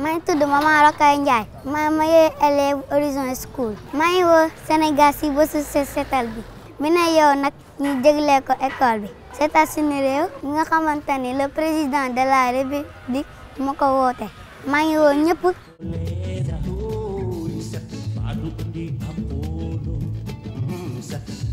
Mãe, tudo uma maroca em jai. Mãe, mãe, ela é Horizon School. Mãe, eu uh, Senegal, se você se setalbi. Mina yow e, uh, nak ñu jéglé ko école bi c'est-à-dire réew nga xamante ni le président de la république moo ko woote maa Thank you.